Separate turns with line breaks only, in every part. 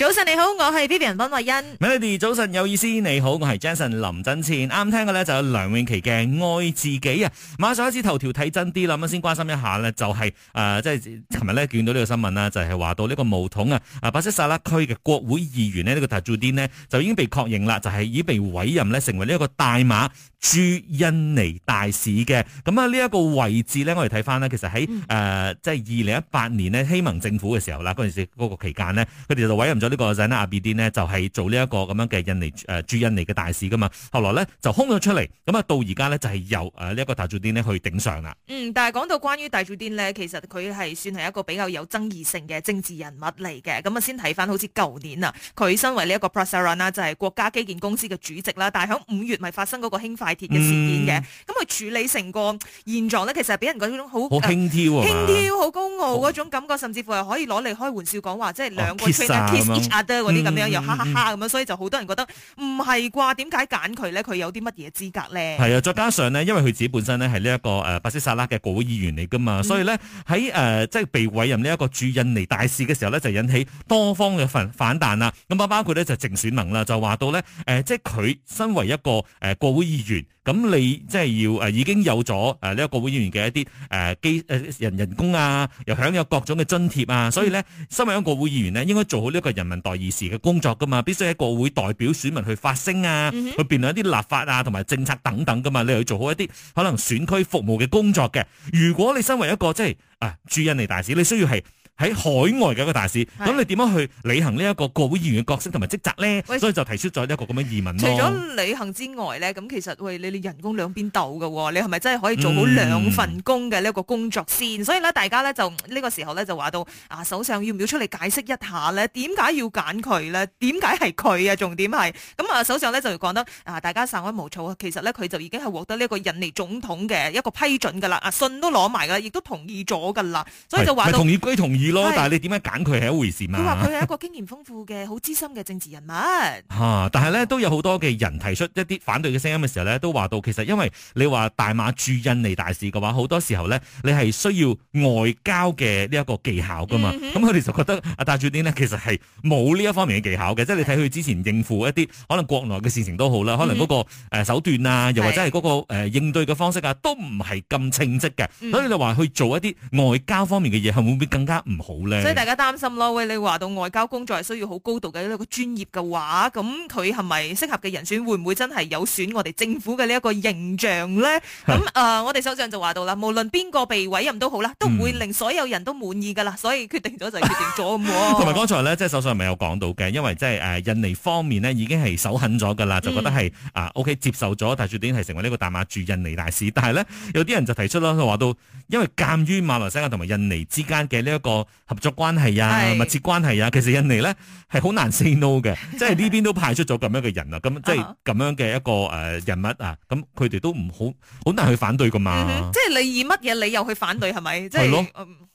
早晨你好，我係 Vivian 溫慧欣。
Melody 早晨有意思，你好，我係 Jason 林振倩。啱聽嘅咧就係梁詠琪嘅《愛自己》啊。馬上開始頭條睇真啲啦，咁先關心一下咧，就是呃，就係、是、誒，即係琴日咧見到呢個新聞啦， 就係話到呢個巫統啊，啊，白色沙拉區嘅國會議員呢，呢、這個 Tajudin 呢就已經被確認啦，就係、是、已經被委任呢，成為呢一個大馬。駐印尼大使嘅，咁啊呢一個位置咧，我哋睇翻咧，其實喺誒即係二零一八年呢希盟政府嘅時候啦，嗰陣時嗰個期間呢佢哋就委任咗呢個再納阿比丁咧，就係、是，做呢一個咁樣嘅印尼誒駐、呃、印尼嘅大使噶嘛，後來呢就空咗出嚟，咁啊到而家呢就係、是，由誒呢一個大祖丁咧去頂上啦。嗯，
但係講到關於大祖丁呢其實佢係算係一個比較有爭議性嘅政治人物嚟嘅，咁、嗯、啊先睇翻好似舊年啊，佢身為呢一個 Prasarana 啦，就係國家基建公司嘅主席啦，但係響五月咪發生嗰個輕地鐵嘅事件嘅，咁佢處理成個現狀咧，其實係俾人嗰種好輕佻，啊、輕佻好高傲嗰種感覺，哦、甚至乎係可以攞嚟開玩笑講話，即係兩個 kiss each other 嗰啲咁樣，嗯、又哈哈哈咁樣，嗯嗯、所以就好多人覺得唔係啩？點解揀佢咧？佢有啲乜嘢資格咧？係
啊，再加上呢，因為佢自己本身咧係呢一個誒巴西薩拉嘅國會議員嚟噶嘛，所以咧喺誒即係被委任呢一個駐印尼大使嘅時候咧，就引起多方嘅反，反彈啦。咁啊，包括咧就政選能啦，就話到咧誒、呃，即係佢身為一個誒、呃、國會議員。咁你即係要誒，已經有咗誒呢一個會議員嘅一啲誒機誒人人工啊，又享有各種嘅津貼啊，所以咧，身為一個會議員咧，應該做好呢一個人民代議士嘅工作噶嘛，必須喺個會代表選民去發聲啊，嗯、哼去辯論一啲立法啊，同埋政策等等噶嘛，你去要做好一啲可能選區服務嘅工作嘅。如果你身為一個即係誒駐印尼大使，你需要係喺海外嘅一個大使，咁你點樣去履行呢一個國會議員嘅角色同埋職責咧？所以就提出咗呢一個咁嘅疑問。除咗
履行之外咧，咁其實喂，你你人工兩邊鬥嘅，你係咪真係可以做好兩份工嘅呢一個工作先？所以咧，大家咧就呢個時候咧就話到啊，首相要唔要出嚟解釋一下咧？點解要揀佢咧？點解係佢啊？重點係咁啊，首相咧就講得啊，大家手慌毛躁啊，其實咧佢就已經係獲得呢一個印尼總統嘅一個批准噶啦，啊，信都攞埋噶，亦都同意咗噶啦，所以就話到同意
歸同意。但係你點樣揀佢係一回事嘛？佢話佢係一
個經驗豐富嘅好資深嘅政治人物
吓，但係咧都有好多嘅人提出一啲反對嘅聲音嘅時候咧，都話到其實因為你話大馬駐印尼大使嘅話，好多時候咧你係需要外交嘅呢一個技巧噶嘛，咁佢哋就覺得阿戴鑽呢其實係冇呢一方面嘅技巧嘅，即係你睇佢之前應付一啲可能國內嘅事情都好啦，可能嗰個誒手段啊，又或者係嗰個誒應對嘅方式啊，都唔係咁稱職嘅，嗯、哼所以你話去做一啲外交方面嘅嘢，係會唔會更加？唔好咧，所以大
家擔心咯。喂，你話到外交工作係需要好高度嘅呢一個專業嘅話，咁佢係咪適合嘅人選？會唔會真係有損我哋政府嘅呢一個形象咧？咁誒，我哋首相就話到啦，無論邊個被委任都好啦，都唔會令所有人都滿意噶啦。所以決定咗就係決定咗，唔好。同埋
剛才咧，即係首相係咪有講到嘅？因為即係誒印尼方面咧已經係手狠咗噶啦，就覺得係啊 OK 接受咗，但係注定係成為呢個大馬駐印尼大使。但係咧有啲人就提出啦，佢話到因為鑑於馬來西亞同埋印尼之間嘅呢一個合作關係啊，密切關係啊，其實印尼咧係好難 say no 嘅，即係呢邊都派出咗咁樣嘅人啊，咁即係咁樣嘅一個誒人物啊，咁佢哋都唔好好難去反對噶嘛，即係
你以乜嘢理由去反對？係咪？係咯，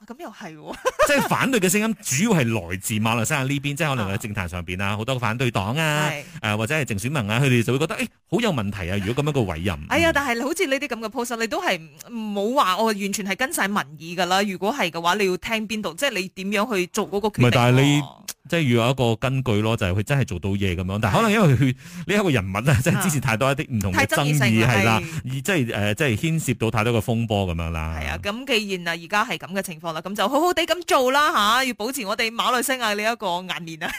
咁又係，
即係反對嘅聲音主要係來自馬來西亞呢邊，即係可能喺政壇上邊啊，好多反對黨啊，或者係鄭選民啊，佢哋就會覺得誒好有問題啊，如果咁樣個委任，
哎呀，但係好似呢啲咁嘅 post，你都係冇話我完全係跟晒民意噶啦，如果係嘅話，你要聽邊度？即係你點樣去做 𠮶 個決定，唔係，
即係要有一個根據咯，就係、是、佢真係做到嘢咁樣，但係可能因為佢呢一個人物呢，即係之前太多一啲唔同嘅爭議，係啦，而的即係、呃、即係牽涉到太多個風波咁樣啦。係啊，
咁既然啊，而家係咁嘅情況啦，咁就好好地咁做啦吓、啊，要保持我哋馬來西亞呢一個顏面啊。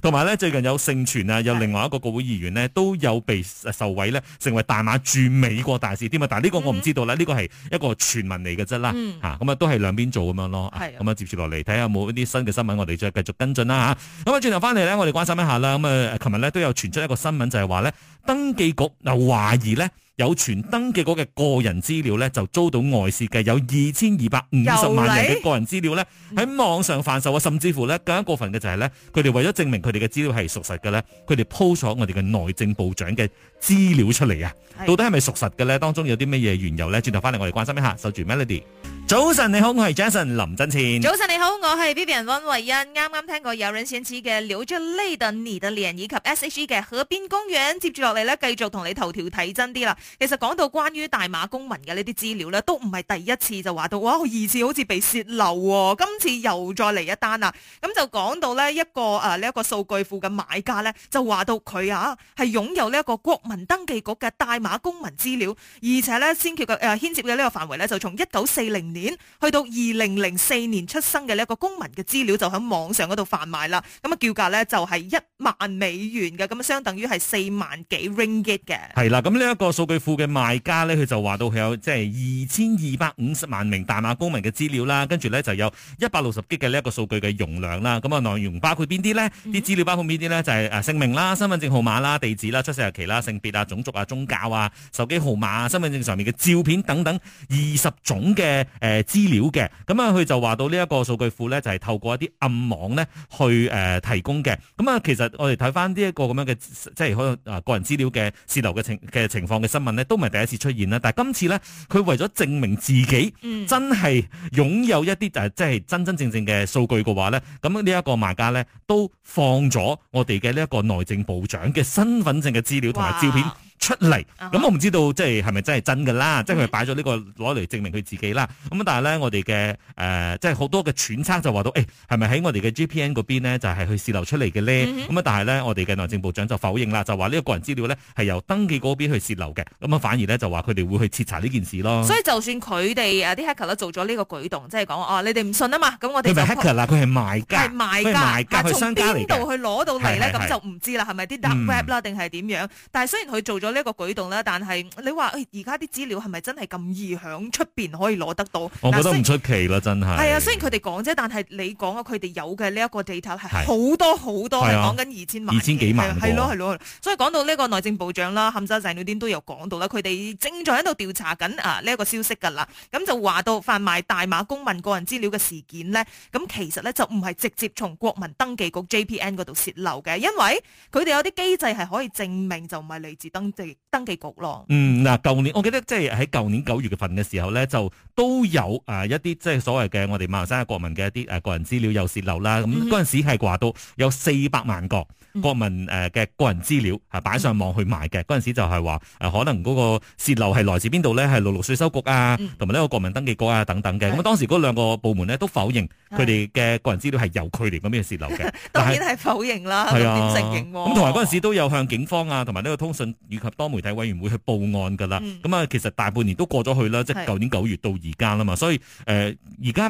同埋 呢，最近有盛傳啊，有另外一個國會議員呢，都有被受委呢，成為大馬駐美國大使添啊，但係呢個我唔知道啦，呢個係一個傳聞嚟嘅啫啦。咁、嗯、啊都係兩邊做咁樣咯。咁的啊，接住落嚟睇下看看有冇一啲新嘅新聞，我哋再繼續。跟進啦吓，咁啊轉頭翻嚟咧，我哋關心一下啦。咁啊，琴日咧都有傳出一個新聞，就係話呢，登記局又懷疑呢，有傳登記局嘅個人資料呢，就遭到外泄嘅，有二千二百五十萬人嘅個人資料呢，喺網上販售啊，甚至乎呢，更加過分嘅就係呢，佢哋為咗證明佢哋嘅資料係屬實嘅呢，佢哋 po 咗我哋嘅內政部長嘅資料出嚟啊，到底係咪屬實嘅呢？當中有啲咩嘢原由呢？轉頭翻嚟我哋關心一下，守住 Melody。早晨你好，我係 Jason 林振倩。早
晨你好，我係 Vivian 溫慧欣。啱啱聽過任賢齊嘅流着淚的你的臉，以及 S H E 嘅河邊公園。接住落嚟咧，繼續同你頭條睇真啲啦。其實講到關於大馬公民嘅呢啲資料咧，都唔係第一次就話到，哇，二次好似被泄漏，今次又再嚟一單啊，咁就講到咧一個誒，呢一個數據庫嘅買家咧，啊，就話到佢啊係擁有呢一個國民登記局嘅大馬公民資料，而且咧先決嘅誒牽涉嘅呢個範圍咧，就從一九四零年。去到二零零四年出生嘅呢一個公民嘅資料就喺網上嗰度販賣啦，咁啊叫價呢就係一萬美元嘅，咁啊相等於係四萬幾 ringgit 嘅。
係啦，咁呢一個數據庫嘅賣家呢，佢就話到佢有即係二千二百五十萬名大馬公民嘅資料啦，跟住呢，呢，就有一百六十 G 嘅呢一個數據嘅容量啦，咁啊內容包括邊啲呢？啲資料包括邊啲呢？就係誒姓名啦、身份證號碼啦、地址啦、出生日期啦、性別啊、種族啊、宗教啊、手機號碼啊、身份證上面嘅照片等等二十種嘅。誒，資料嘅咁啊，佢就話到呢一個數據庫咧，就係透過一啲暗網咧去誒提供嘅。咁啊，其實我哋睇翻呢一個咁樣嘅，即係可能啊個人資料嘅洩漏嘅情嘅情況嘅新聞咧，都唔係第一次出現啦。但係今次咧，佢為咗證明自己真係擁有一啲就係，即係真真正正嘅數據嘅話咧，咁呢一個賣家咧都放咗我哋嘅呢一個內政部長嘅身份證嘅資料同埋照片。出嚟咁、uh huh. 我唔知道即係係咪真係真㗎啦，即係佢擺咗呢個攞嚟證明佢自己啦。咁、uh huh. 但係咧我哋嘅即係好多嘅揣測就話到，誒係咪喺我哋嘅 GPN 嗰邊呢？就係去洩漏出嚟嘅呢。咁啊、uh huh. 但係呢，我哋嘅內政部長就否認啦，就話呢個個人資料呢係由登記嗰邊去洩漏嘅。咁啊反而呢，就話佢哋會去徹查呢件事咯。所以
就算佢哋誒啲黑客咧做咗呢個舉動，即係講哦你哋唔信啊嘛，咁我哋唔係黑客啦，
佢係賣家，係賣家，佢從邊度去攞到嚟咧？咁是就唔
知啦，係咪啲 dark web 啦定係點樣？但係雖然佢做咗。呢一個舉動咧，但係你話，誒，而家啲資料係咪真係咁易喺出邊可以攞得到？我覺得唔出
奇啦，真係。係啊，雖
然佢哋講啫，但係你講啊，佢哋有嘅呢一個 data 係好多好多，係講緊二千萬、二千幾萬，係咯係咯。所以講到呢個內政部長啦、審計長呢啲，都有講到啦，佢哋正在喺度調查緊啊呢一個消息噶啦。咁就話到販賣大馬公民個人資料嘅事件呢，咁其實呢就唔係直接從國民登記局 JPN 嗰度洩漏嘅，因為佢哋有啲機制係可以證明就唔係嚟自登記登
記局咯，嗯，嗱，舊年我記得即係喺舊年九月份嘅時候咧，就都有啊一啲即係所謂嘅我哋馬來西亞國民嘅一啲誒、啊、個人資料有泄漏啦，咁嗰陣時係話到有四百萬個國民誒嘅個人資料係擺上網去賣嘅，嗰陣、嗯、哼時就係話誒可能嗰個泄漏係來自邊度咧，係陸陸稅收局啊，同埋呢個國民登記局啊等等嘅，咁、嗯、當時嗰兩個部門咧都否認佢哋嘅個人資料係由佢哋嗰邊泄漏嘅， 當然係
否認啦，點承認？咁、啊啊嗯、同埋嗰陣
時都有向警方啊，同埋呢個通訊多媒體委員會去報案噶啦，咁啊，其實大半年都過咗去啦，即係舊年九月到而家啦嘛，是的 所以誒，而、呃、家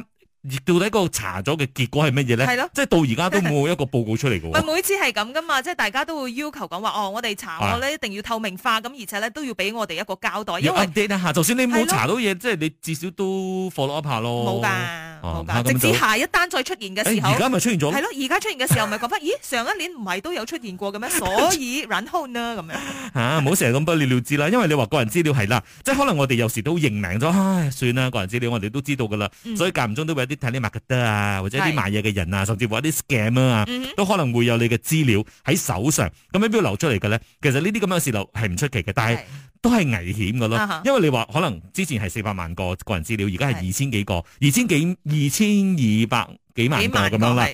到底個查咗嘅結果係乜嘢咧？係咯，即係到而家都冇一個報告出嚟嘅。唔
係每次係咁噶嘛，即係大家都會要求講話，哦，我哋查我咧一定要透明化，咁是的 而且咧都要俾我哋一個交代。update
吓就算你冇查到嘢，即係是的 你至少都 follow up 下咯。冇噶。好，直至下
一單再出現嘅時候，而家咪出現咗，係咯，而家出現嘅時候咪覺得，咦，上一年唔係都有出現過嘅咩？所以 run on 啦咁樣，
嚇、 啊，唔好成日咁不了了之啦，因為你話個人資料係啦，即係可能我哋有時都認命咗，唉，算啦，個人資料我哋都知道噶啦，嗯、所以間唔中都會有啲睇你賣嘅得啊，或者啲買嘢嘅人啊，甚至乎一啲 scam 啊，的都可能會有你嘅資料喺手上，咁喺邊度流出嚟嘅咧？其實呢啲咁樣嘅事流係唔出奇嘅，但係。都係危險㗎囉，因為你話可能之前係四百萬個個人資料，而家係二千幾個，二千幾、二千二百幾萬個咁樣啦。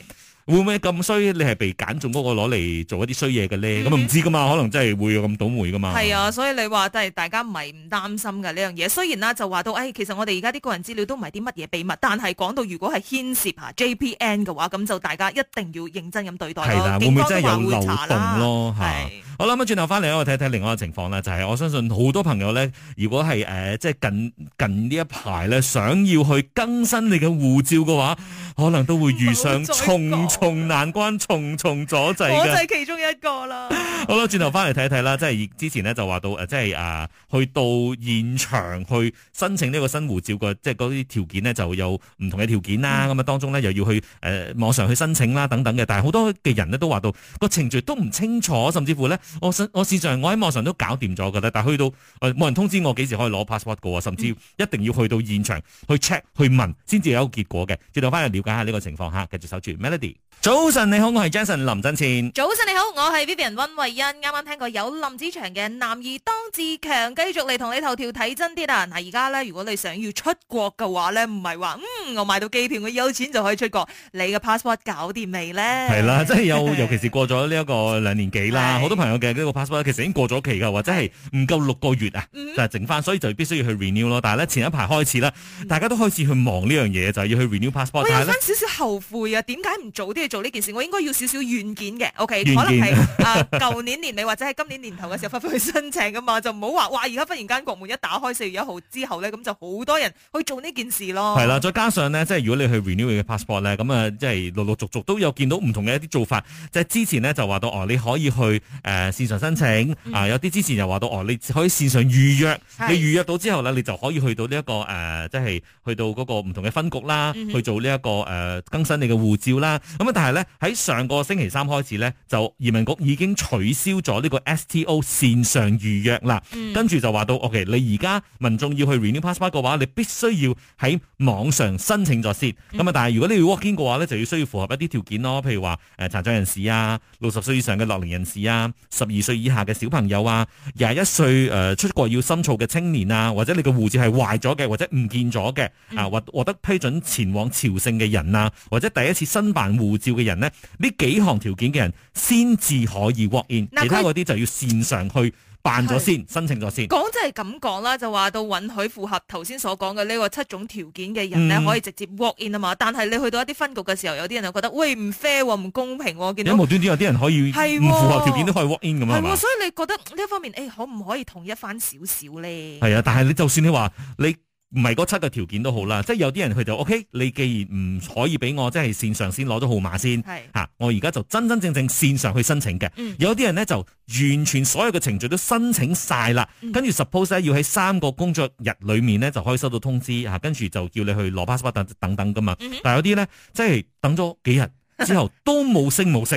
會唔會咁衰？你係被揀中嗰個攞嚟做一啲衰嘢嘅咧？咁啊唔知噶嘛，可能真係會咁倒霉噶嘛。係
啊，所以你話都係大家唔係唔擔心㗎呢樣嘢。雖然啦，就話到，誒、哎，其實我哋而家啲個人資料都唔係啲乜嘢秘密，但係講到如果係牽涉吓 JPN 嘅話，咁就大家一定要認真咁對待咯。是啊、會唔會真係有漏洞咯？
係。好啦，咁轉頭翻嚟我睇睇另外個情況啦。就係、是、我相信好多朋友咧，如果係誒、呃，即係近近這一呢一排咧，想要去更新你嘅護照嘅話，可能都會遇上重。同難關重重阻滯，我就係
其中一個啦。
好啦，轉頭翻嚟睇睇啦，即係之前呢，就話到即係啊去到現場去申請呢個新護照嘅，即係嗰啲條件呢，就有唔同嘅條件啦。咁啊、嗯嗯，當中呢，又要去誒、呃、網上去申請啦，等等嘅。但係好多嘅人呢，都話到個程序都唔清楚，甚至乎呢，我我事實上我喺網上都搞掂咗㗎啦，但去到冇、呃、人通知我幾時可以攞 passport 嘅，甚至一定要去到現場去 check 去問先至有一個結果嘅。轉頭翻嚟了解一下呢個情況嚇，繼續守住 Melody。早晨，你好，我係 Jason 林振倩。早
晨，你好，我係 Vivian 温慧欣。啱啱聽過有林子祥嘅男兒當自強，繼續嚟同你頭條睇真啲啦。嗱，而家咧，如果你想要出國嘅話咧，唔係話嗯我買到機票我有錢就可以出國，你嘅 passport 搞掂未咧？係啦，即
係有， 尤其是過咗呢一個兩年幾啦，好是多朋友嘅呢個 passport 其實已經過咗期噶，或者係唔夠六個月啊，就、mm hmm. 剩翻，所以就必須要去 renew 咯。但係咧前一排開始啦，大家都開始去忙呢樣嘢，就係要去 renew passport，喂但係
少少後悔啊，點解唔早啲做做呢件事，我應該要少少遠見嘅，OK？件可能係啊，舊、呃、 年年尾或者係今年年頭嘅時候發翻去申請㗎嘛，就唔好話哇！而家忽然間國門一打開，四月一號之後咧，咁就好多人去做呢件事咯。係啦，再加
上呢，即係如果你去 renew 嘅 passport 咧，咁啊，即係陸陸續續都有見到唔同嘅一啲做法。即、就、係、是、之前呢，就話到哦，你可以去誒、呃、線上申請啊、嗯呃，有啲之前又話到哦、呃，你可以線上預約，是你預約到之後呢，你就可以去到呢、這、一個誒、呃，即係去到嗰個唔同嘅分局啦，去做呢、這、一個誒、呃、更新你嘅護照啦，咁、嗯但係咧，喺上個星期三開始咧，就移民局已經取消咗呢個 S T O 線上預約啦。嗯、跟住就話到，OK，你而家民眾要去 renew passport 嘅話，你必須要喺網上申請咗先。咁啊、嗯，但係如果你要 working 嘅話咧，就要需要符合一啲條件咯。譬如話誒殘障人士啊，六十歲以上嘅樂齡人士啊，十二歲以下嘅小朋友啊，廿一歲誒、呃、出國要深造嘅青年啊，或者你嘅護照係壞咗嘅，或者唔見咗嘅、嗯、啊，或獲得批准前往朝聖嘅人啊，或者第一次申辦護照，嘅人呢呢幾項條件嘅人先至可以 work in，他其他嗰啲就要線上去辦咗先，是申請咗先。
講就係咁講啦，就話到允許符合頭先所講嘅呢個七種條件嘅人呢，可以直接 work in 啊嘛、嗯。但係你去到一啲分局嘅時候，有啲人就覺得喂唔 fair 唔公平喎。我見到有無端端
有啲人可以唔符合條件都可以 work in 咁樣、哦。係喎吧，所
以你覺得呢一方面誒、哎，可唔可以統一返少少咧？
係啊，但係你就算你話你。唔係嗰七個條件都好啦，即係有啲人佢就 OK，你既然唔可以俾我，即係線上先攞咗號碼先，是啊、我而家就真真正正線上去申請嘅。嗯、有啲人咧就完全所有嘅程序都申請晒啦，跟住 suppose 呢，supp 要喺三個工作日裡面咧就可以收到通知，跟住、啊、就叫你去攞 passport Pass 等等噶嘛。嗯、哼但有啲咧即係等咗幾日之後都冇聲冇息，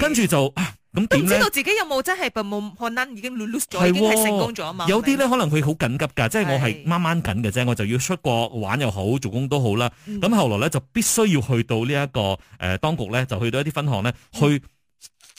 跟住 是就。啊都唔知道自
己有冇真係冇可能已經 lose 咗，已經係成功咗啊嘛！有啲咧
可能佢好緊急㗎，即、就、係、是、我係掹掹緊嘅啫，是我就要出國玩又好，做工都好啦。咁、嗯、後來咧就必須要去到呢、這、一個誒、呃、當局咧，就去到一啲分行咧去、嗯。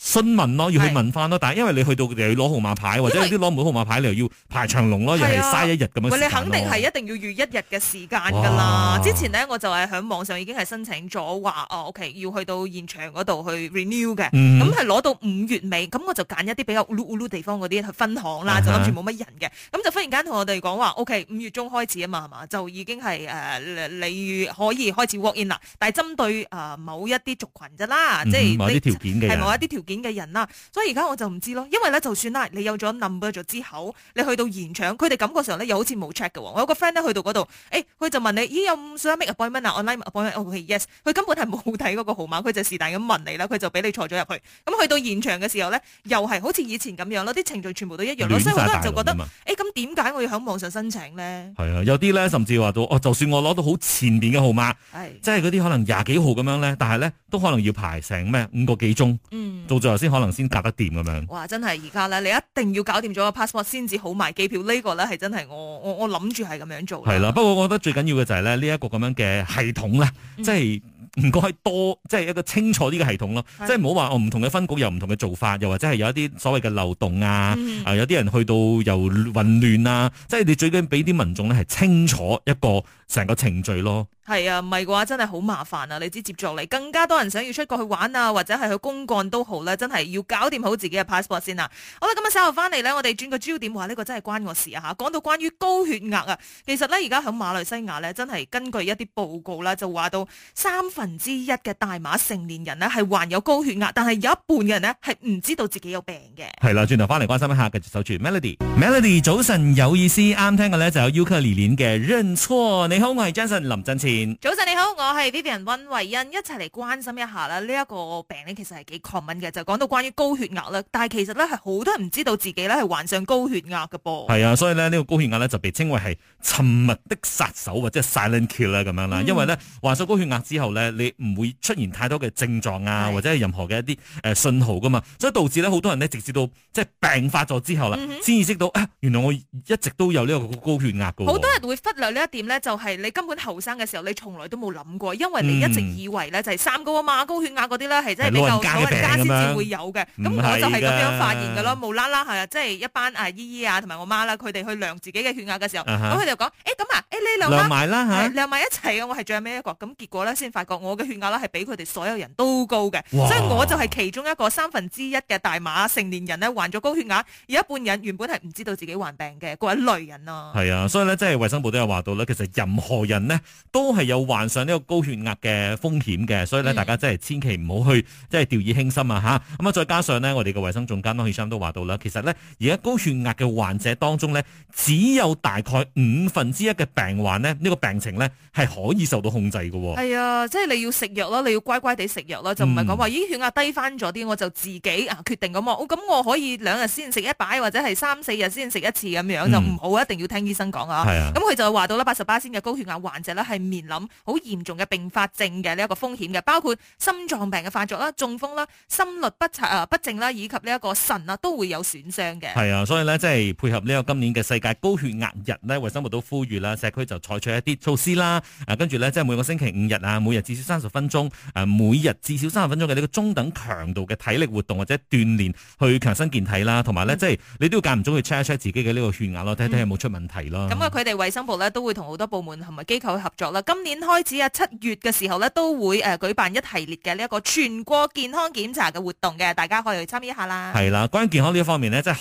詢問咯，要去問翻咯，是但係因為你去到佢哋要攞號碼牌，或者有啲攞唔到號碼牌，你又要排長龍咯，又係嘥一日咁樣。喂，你肯定係一
定要預一日嘅時間㗎啦。哇之前咧我就係喺網上已經係申請咗話，哦，OK，要去到現場嗰度去 renew 嘅，咁係攞到五月尾，咁我就揀一啲比較烏魯烏魯地方嗰啲去分行啦，uh、huh，就諗住冇乜人嘅，咁就忽然間同我哋講話，OK，五月中開始啊嘛，係嘛，就已經係、呃、你可以開始 work in 啦，但係針對誒、呃、某一啲族群啫啦，即係、嗯、某，某一啲條件嘅人啦，所以而家我就唔知咯，因為咧就算啦，你有咗 number 咗之後，你去到現場，佢哋感覺上咧又好似冇 check 嘅。我有個 friend 咧去到嗰度，誒、欸，佢就問你，咦，有唔想 make a appointment 啊？online appointment？OK，yes。佢根本係冇睇嗰個號碼，佢就是但咁問你啦，佢就俾你錯咗入去。咁去到現場嘅時候咧，又係好似以前咁樣咯，啲程序全部都一樣咯。所以好多人就覺得，誒，咁點解我要響網上申請咧？
係啊，有啲咧甚至話到，哦，就算我攞到好前面嘅號碼，的即係嗰啲可能廿幾號咁樣咧，但係咧都可能要排成咩五個幾鐘。嗯做咗先可能先夾得掂咁樣。
哇！真係而家咧，你一定要搞掂咗個 passport 先至好買機票。呢、呢個咧係真係我我我諗住係咁樣做。係
啦，不過我覺得最緊要嘅就係咧呢一個咁樣嘅系統呢，即係唔該多，即係一個清楚啲嘅系統咯。嗯、即係唔好話我唔同嘅分局有唔同嘅做法，又或者係有一啲所謂嘅漏洞啊，啊、嗯呃、有啲人去到又混亂啊。即係你最緊俾啲民眾咧係清楚一個。成個程序咯，
係啊，唔係嘅話真係好麻煩啊！你知接作嚟，更加多人想要出國去玩啊，或者係去公幹都好咧，真係要搞掂好自己嘅 passport 先啦、啊。好啦，咁啊，稍後翻嚟呢，我哋轉個焦點，話呢個真係關我事啊吓。講到關於高血壓啊，其實呢，而家響馬來西亞呢，真係根據一啲報告啦，就話到三分之一嘅大馬成年人呢係患有高血壓，但係有一半嘅人呢係唔知道自己有病嘅。
係啦，轉頭翻嚟關心一下，繼續守住 Melody，Melody Mel 早晨有意思，啱聽嘅呢就有 Ukulele 嘅認錯你。你好，我係 Jason 林振前。
早晨，你好，我係 Vivian 溫慧欣，一齊嚟關心一下啦。呢、這、一個病咧，其實係幾 common 嘅，就講到關於高血壓啦。但係其實咧，係好多人唔知道自己咧係患上高血壓噶噃。係啊，
所以咧呢個高血壓咧就被稱為係沉默的殺手或者 silent killer 啦咁樣啦。因為咧患上高血壓之後咧，你唔會出現太多嘅症狀啊，或者係任何嘅一啲誒信號噶嘛，是所以導致咧好多人咧直至到即係病發咗之後啦，先、嗯、哼意識到啊、哎，原來我一直都有呢個高血壓噶。好多人
會忽略呢一點咧，就係、是。係你根本後生嘅時候，你從來都冇諗過，因為你一直以為咧就係三高啊嘛，高血壓嗰啲咧係真係比較老人家先至會有嘅。咁我就係咁樣發現嘅咯，冇啦啦係啊，即係一班阿姨姨啊同埋我媽啦，佢哋去量自己嘅血壓嘅時候，咁佢哋就講：誒、欸、咁啊，呢、欸、兩，你啊、量埋啦嚇，啊、量埋一齊嘅。我係最尾一個，咁結果咧先發覺我嘅血壓咧係比佢哋所有人都高嘅，哇 所以我就係其中一個三分之一嘅大馬成年人咧患咗高血壓，而一半人原本係唔知道自己患病嘅，嗰一類人咯、
啊。係啊，所以咧即係衞生部都有話到咧，其實任何人呢都係有患上呢個高血壓嘅風險嘅，所以咧大家真係千祈唔好去即係掉以輕心啊！吓，咁啊，再加上呢，我哋嘅衞生總監歐醫生都話到啦，其實呢，而家高血壓嘅患者當中呢，只有大概五分之一嘅病患呢，呢、呢個病情呢係可以受到控制嘅喎。係
啊，即係你要食藥咯，你要乖乖地食藥咯，就唔係講話咦血壓低翻咗啲，我就自己啊決定咁啊，咁、嗯哦、我可以兩日先食一擺或者係三四日先食一次咁樣就唔好，一定要聽醫生講啊。咁佢就話到啦，八十八先嘅高。高血壓患者咧，係面臨好嚴重嘅併發症嘅呢一個風險嘅，包括心臟病嘅發作啦、中風啦、心律不齊啊、不正啦，以及呢一個腎啊都會有損傷嘅。係
啊，所以咧，即係配合呢個今年嘅世界高血壓日咧，衛生部都呼籲啦，社區就採取一啲措施啦。啊，跟住咧，即係每個星期五日，日啊，每日至少三十分鐘，誒，每日至少三十分鐘嘅呢個中等強度嘅體力活動或者鍛煉，去強身健體啦，同埋咧，即係你都要間唔中去 check 一 check 自己嘅呢個血壓咯，睇睇有冇出問題咯。咁啊、嗯，
佢、嗯、哋衛生部咧都會同好多部門。同埋機構合作啦，今年開始啊，七月嘅時候呢，都會誒舉辦一系列嘅呢一個全國健康檢查嘅活動嘅，大家可以去參與一下啦。係
啦，關於健康呢一方面呢，即係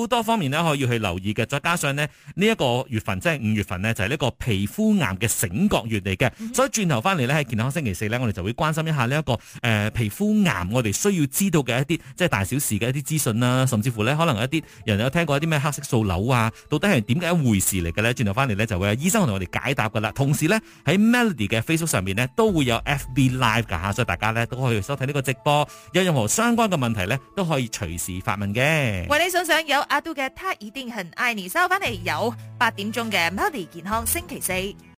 好多方面呢，可以去留意嘅。再加上呢，呢一個月份即係五月份呢，就係、是、呢個皮膚癌嘅醒覺月嚟嘅，mm hmm. 所以轉頭翻嚟呢，喺健康星期四呢，我哋就會關心一下呢、這、一個誒、呃、皮膚癌，我哋需要知道嘅一啲即係大小事嘅一啲資訊啦，甚至乎呢，可能一啲人有聽過一啲咩黑色素瘤啊，到底係點解一回事嚟嘅呢？轉頭翻嚟呢，就會有醫生同我哋解。解答噶啦，同時咧喺 Melody 嘅 Facebook 上面咧都會有 FB Live 噶吓，所以大家咧都可以收睇呢個直播，有任何相關嘅問題咧都可以隨時發問嘅。為你
送上有阿杜嘅《他一定很愛你》，收翻嚟有八點鐘嘅 Melody 健康星期四。